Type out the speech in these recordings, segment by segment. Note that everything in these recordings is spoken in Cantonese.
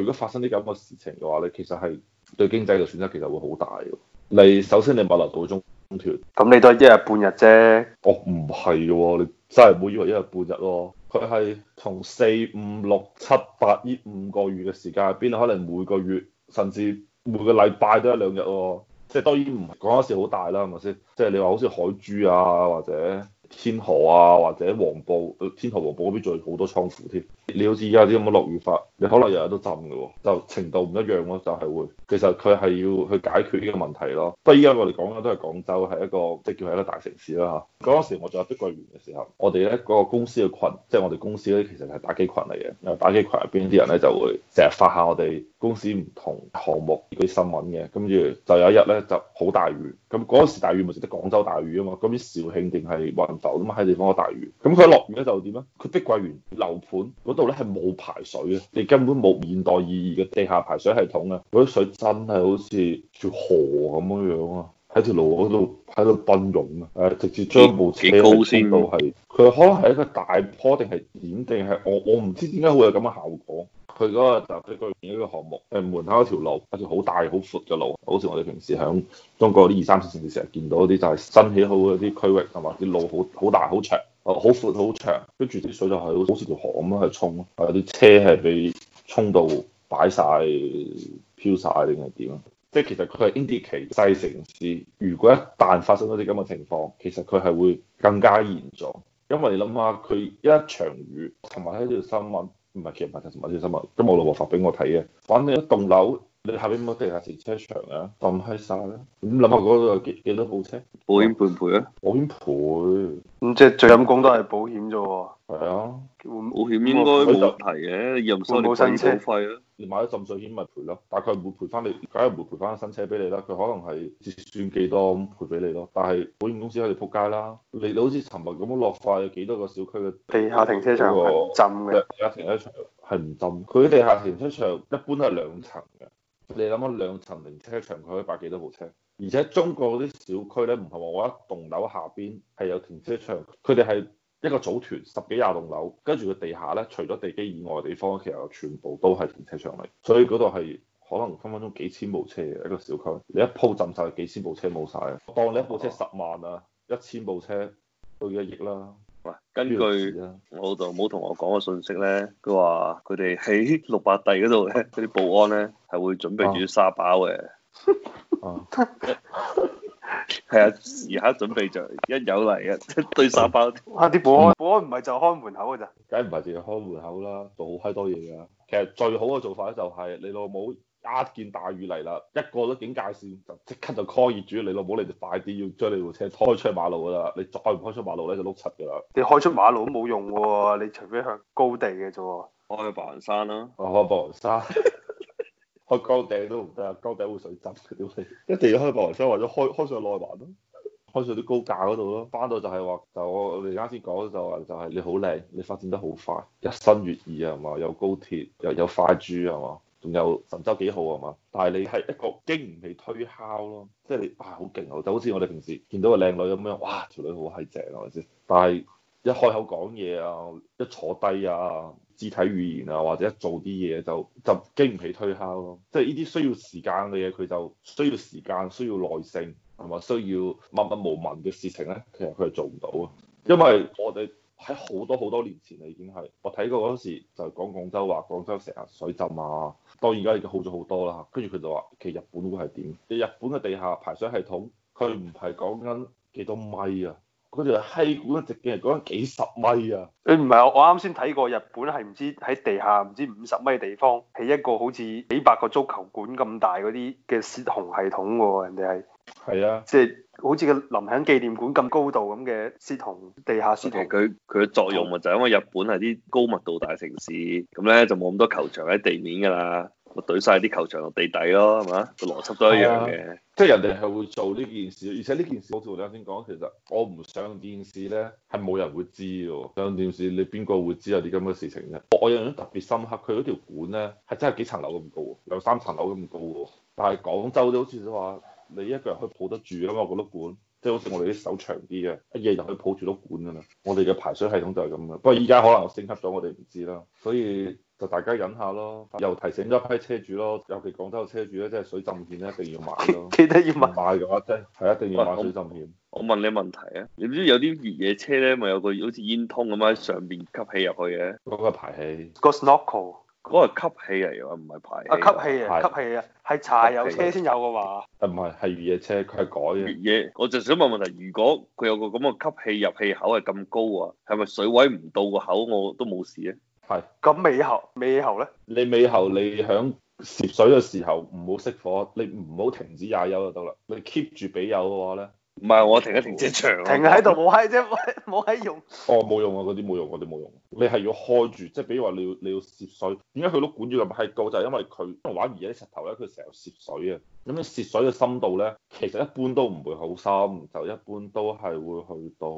如果發生啲咁嘅事情嘅話咧，你其實係對經濟嘅損失其實會好大嘅。你首先你物流到中斷，咁你都係一日半日啫。哦，唔係喎，你真係唔好以為一日半日咯。佢係從四五六七八呢五個月嘅時間，入邊可能每個月甚至每個禮拜都一兩日咯。即係當然唔係講一時好大啦，係咪先？即係你話好似海珠啊，或者天河啊，或者黃埔、天河、黃埔嗰邊仲有好多倉庫添。你好似而家啲咁嘅落雨法，你可能日日都浸嘅喎，就程度唔一樣咯，就係會，其實佢係要去解決呢個問題咯。不過而家我哋講嘅都係廣州，係一個即叫係一個大城市啦嚇。嗰陣時我做碧桂園嘅時候，我哋咧嗰個公司嘅群，即係我哋公司咧其實係打機群嚟嘅，因為打機群入邊啲人咧就會成日發下我哋公司唔同項目嗰啲新聞嘅。跟住就有一日咧就好大雨，咁嗰陣時大雨咪即係廣州大雨啊嘛，嗰邊肇慶定係雲浮啊嘛，喺地方都大雨。咁佢落雨咧就點咧？佢碧桂園樓盤度咧係冇排水嘅，你根本冇現代意義嘅地下排水系統嘅，啲水真係好似條河咁樣樣啊！喺條路嗰度喺度奔湧啊！誒，直接將部車都到係，佢可能係一個大坡定係點定係我我唔知點解會有咁嘅效果。佢嗰、那個集體區入面嘅項目，誒，門口嗰條路一條好大好闊嘅路，好似我哋平時喺中國啲二三線城市成日見到啲就係新起好嗰啲區域同埋啲路好好大好長。好闊好長，跟住啲水就係好似條河咁樣去沖，係有啲車係俾沖到擺晒、漂晒定係點啊？即係其實佢係啲啲細城市，如果一旦發生嗰啲咁嘅情況，其實佢係會更加嚴重，因為你諗下，佢一場雨琴日喺條新聞，唔係其實唔係同埋呢條新聞，都冇老婆發俾我睇嘅，反正一棟樓。你下邊冇地下停車場啊？咁閪晒。咧，咁諗下嗰度有幾幾多部車？保險賠唔賠啊，保險賠即係最陰公都係保險啫。係啊，保險應該冇問題嘅，又唔收你新車費咯。你買咗浸水險咪賠咯，大概唔會賠翻你，梗係唔會賠翻個新車俾你啦。佢可能係算幾多咁賠俾你咯，但係保險公司喺度撲街啦。你你好似尋日咁樣落快有幾多個小區嘅、那個、地下停車場係浸嘅，地下停車場係唔浸，佢地下停車場一般都係兩層。你諗下兩層停車場，佢可以擺幾多部車？而且中國啲小區咧，唔係話我一棟樓下邊係有停車場，佢哋係一個組團十幾廿棟樓，跟住個地下咧，除咗地基以外嘅地方，其實全部都係停車場嚟，所以嗰度係可能分分鐘幾千部車嘅一個小區，你一鋪浸晒，幾千部車冇晒，當你一部車十萬啊，一千的部車都要一億啦。根據我老豆冇同我講嘅信息咧，佢話佢哋喺六百地嗰度咧，啲保安咧係會準備住沙包嘅。哦，係啊，而家 準備著，一有嚟一堆沙包。哇！啲保安保安唔係就開門口嘅咋，梗唔係淨係開門口啦，做好閪多嘢㗎。其實最好嘅做法就係你老母。一見大雨嚟啦，一過咗警戒線就即刻就 call 業主你老母，你就快啲要將你部車拖出去馬路噶啦，你再唔開出馬路咧就碌柒噶啦。你開出馬路都冇用喎，你除非向高地嘅啫，開白雲山啦、啊，我開白雲山， 開高地都唔得，高地會水浸，屌你，一定要開白雲山，或者開開上內環咯，開上啲高架嗰度咯，翻到就係、係、話就係、我我哋啱先講就話、係、就係、係、你好靚，你發展得好快，日新月異啊嘛，有高鐵又有快鉛啊嘛。仲有神舟幾號啊嘛，但係你係一個經唔起推敲咯，即係你啊好勁啊，就好似我哋平時見到個靚女咁樣，哇條女好閪正啊，但係一開口講嘢啊，一坐低啊，肢體語言啊，或者一做啲嘢就就經唔起推敲咯，即係呢啲需要時間嘅嘢，佢就需要時間、需要耐性，同埋需要默默無聞嘅事情咧，其實佢係做唔到啊，因為我哋。喺好多好多年前啦，已經係我睇過嗰時就是、講廣州話，廣州成日水浸啊，當然而家已經好咗好多啦。跟住佢就話：其實日本會係點？日本嘅地下排水系統，佢唔係講緊幾多米啊？嗰條閪管直徑係講緊幾十米啊！你唔係我啱先睇過日本係唔知喺地下唔知五十米地方起一個好似幾百個足球館咁大嗰啲嘅泄洪系統喎、啊，人哋係係啊、就是，即係。好似個林肯紀念館咁高度咁嘅絲同地下絲筒，佢佢嘅作用咪就係因為日本係啲高密度大城市，咁咧就冇咁多球場喺地面㗎啦，咪懟晒啲球場落地底咯，係嘛？個邏輯都一樣嘅、啊。即係人哋係會做呢件事，而且呢件事我同你先講，其實我唔上電視咧，係冇人會知嘅喎。上電視你邊個會知有啲咁嘅事情咧？我印象特別深刻，佢嗰條管咧係真係幾層樓咁高，有三層樓咁高喎。但係廣州好都好似話。你一個人可以抱得住咯嘛，嗰碌管，即係好似我哋啲手長啲嘅，一嘢就可以抱住碌管噶啦。我哋嘅排水系統就係咁嘅，不過依家可能升級咗，我哋唔知啦，所以就大家忍下咯。又提醒咗一批車主咯，尤其廣州嘅車主咧，即係水浸險一定要買咯， 記得要買。嘅話，即係一定要買水浸險。我問你問題啊，你唔知有啲越野車咧，咪有個好似煙通咁樣喺上邊吸氣入去嘅？嗰個排氣，個嗰個係吸氣嚟，喎，唔係排氣啊，吸氣啊，是吸氣啊，係柴油車先有嘅話。啊，唔係，係越野車，佢係改。越野，我就想問問題：如果佢有個咁嘅吸氣入氣口係咁高啊，係咪水位唔到個口，我都冇事咧？係是。咁尾喉，尾喉咧？你尾喉，你響涉水嘅時候唔好熄火，你唔好停止踩油就得啦。你 keep 住俾油嘅話咧？唔係，我停喺停車場。停喺度冇閪啫，冇冇閪用。 哦，冇用啊，嗰啲冇用，嗰啲冇用。你係要開住，即係比如話你要你要涉水。點解佢都管住咁閪高？就係因為佢玩而家啲石頭咧，佢成日涉水啊。咁你涉水嘅深度咧，其實一般都唔會好深，就一般都係會去到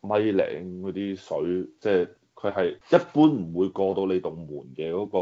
米零嗰啲水，即係佢係一般唔會過到你棟門嘅嗰個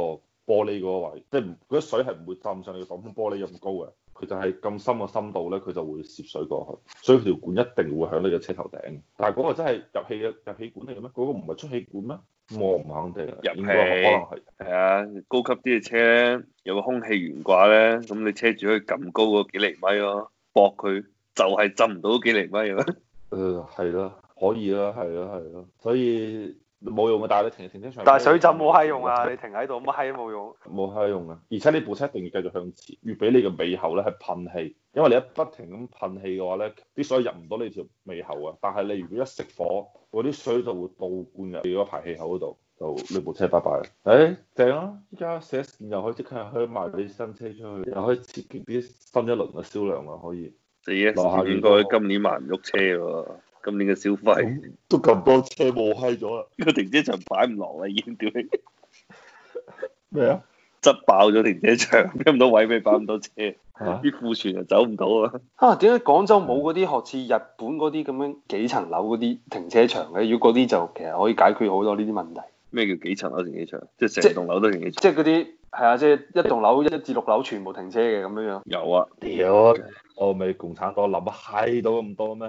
玻璃嗰位，即係嗰啲水係唔會浸上你嘅擋風玻璃咁高嘅。佢就係咁深個深度咧，佢就會涉水過去，所以條管一定會喺你嘅車頭頂。但係嗰個真係入氣嘅入氣管嚟嘅咩？嗰、嗰個唔係出氣管咩？我唔肯定，入氣可能係。係啊，高級啲嘅車有個空氣懸掛咧，咁你車主可以撳高嗰幾厘米咯，搏佢就係浸唔到幾厘米咯、啊。誒係啦，可以啦，係啊，係啦、啊啊啊，所以。冇用啊！但係你停停車場，但係水浸冇閪用啊！你停喺度乜閪都冇用，冇閪用啊！而且你部車一定要繼續向前，越俾你嘅尾喉咧係噴氣，因為你一不停咁噴氣嘅話咧，啲水入唔到你條尾喉啊！但係你如果一熄火，嗰啲水就會倒灌入你個排氣口嗰度，就你部車拜拜啦！誒，正啊！依家四 S 店又可以即刻可以賣啲新車出去，又可以刺激啲新一輪嘅銷量啦！可以下，四 S 店應該今年賣唔喐車喎。今年嘅消費都咁多車冇閪咗啦，呢個停車場擺唔落啦，已經屌你咩啊？ 咩？執爆咗停車場，咁多位俾擺咁多車，啲庫存就走唔到啊！啊，點解廣州冇嗰啲學似日本嗰啲咁樣幾層樓嗰啲停車場咧？如果嗰啲就其實可以解決好多呢啲問題。咩叫幾層樓定幾層？即係成棟樓都停幾層？即係嗰啲係啊，即係一棟樓一至六樓全部停車嘅咁樣樣。有啊，屌對，我咪共產黨，諗得閪到咁多咩？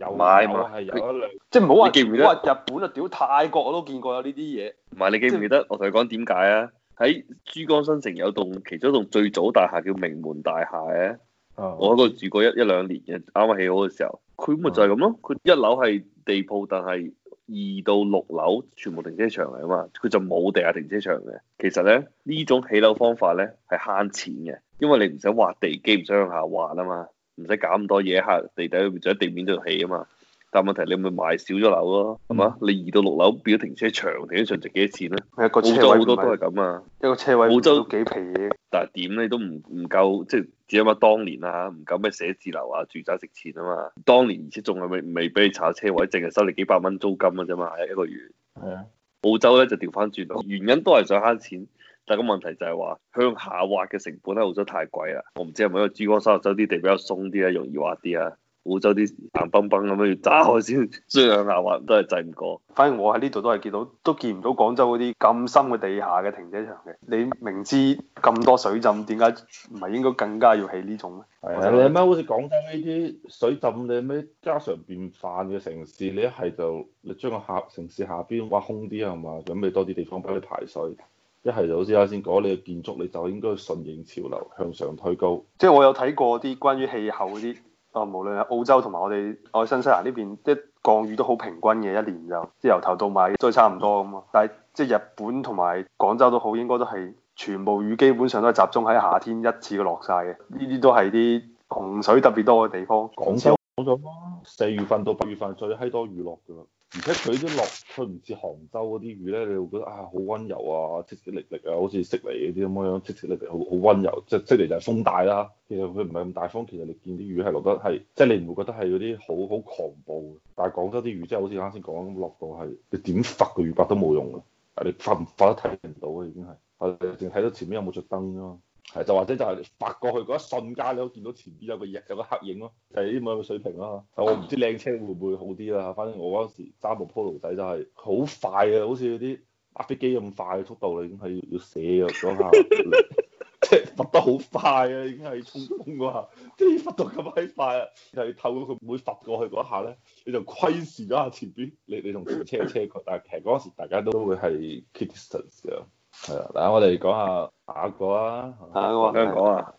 有啊，買嘛？係有，有即係唔好話記唔記得？你日本啊，屌他泰國我都見過有呢啲嘢。唔係你記唔記得？就是、我同你講點解啊？喺珠江新城有一棟其中一棟最早大廈叫名門大廈啊。嗯、我喺度住過一一兩年嘅，啱啱起好嘅時候。佢咪就係咁咯，佢一樓係地鋪，但係二到六樓全部停車場嚟啊嘛，佢就冇地下停車場嘅。其實咧呢種起樓方法咧係慳錢嘅，因為你唔使挖地基，唔使向下挖啊嘛，唔使搞咁多嘢喺地底裏邊，就喺地面度起啊嘛。但係問題你咪賣少咗樓咯，係嘛、嗯？你二到六樓變咗停車場，停車場值幾多錢咧？一個車位唔係。好多都係咁啊，一個車位。澳洲幾皮？但係點咧都唔唔夠，即係。只因嘛，當年啊，唔夠咩寫字樓啊，住宅值錢啊嘛，當年而且仲係未未俾你炒車位，淨係收你幾百蚊租金啊啫嘛，一個月。係啊的。澳洲咧就調翻轉，原因都係想慳錢，但係個問題就係話向下挖嘅成本喺澳洲太貴啦。我唔知係咪因為珠江三角洲啲地比較鬆啲啊，容易挖啲啊。澳洲啲硬邦邦咁樣要炸開先，雖然硬核都係制唔過。反而我喺呢度都係見到，都見唔到廣州嗰啲咁深嘅地下嘅停車場嘅。你明知咁多水浸，點解唔係應該更加要起呢種咧？你乜好似廣州呢啲水浸，你乜家常便飯嘅城市，你一係就你將個下城市下邊挖空啲係嘛，準備多啲地方俾你排水。一係就好似啱先講，你嘅建築你就應該順應潮流向上推高。即係我有睇過啲關於氣候嗰啲。哦，無論澳洲同埋我哋愛新西蘭呢邊，啲降雨都好平均嘅，一年就即係由頭到尾都係差唔多咁咯。但係即係日本同埋廣州都好，應該都係全部雨基本上都係集中喺夏天一次嘅落晒嘅。呢啲都係啲洪水特別多嘅地方。廣州。廣州四月份到八月份最閪多雨落噶啦。而且佢啲落佢唔似杭州嗰啲雨咧，你會覺得啊好溫柔啊，淅淅瀝瀝啊，好似悉尼嗰啲咁樣樣，淅淅瀝瀝，好好溫柔。即係悉尼就係風大啦，其實佢唔係咁大風，其實你見啲雨係落得係，即係、就是、你唔會覺得係嗰啲好好狂暴。但係廣州啲雨真係好似啱先講咁，落到係你點揈個雨刮都冇用嘅，你揈唔揈都睇唔到啊，已經係，淨睇到前面有冇着燈咯。就或者就係發過去嗰一瞬間，你都見到前邊有個影，有個黑影咯。係啲咁嘅水平咯。但我唔知靚車會唔會好啲啦。反正我嗰時揸部 Polo 仔就係好快嘅，好似啲打飛機咁快嘅速度啦，已經係要死嘅嗰下即係 發得好快啊，已經係衝攻嗰下，即係發到咁鬼快啊。係、就係、透過佢唔會發過去嗰一下咧，你就窺視咗下前邊，你你同前車嘅車距。但係其實嗰時大家都會係係啊，嗱，我哋講下下一個啊，下一個香港啊。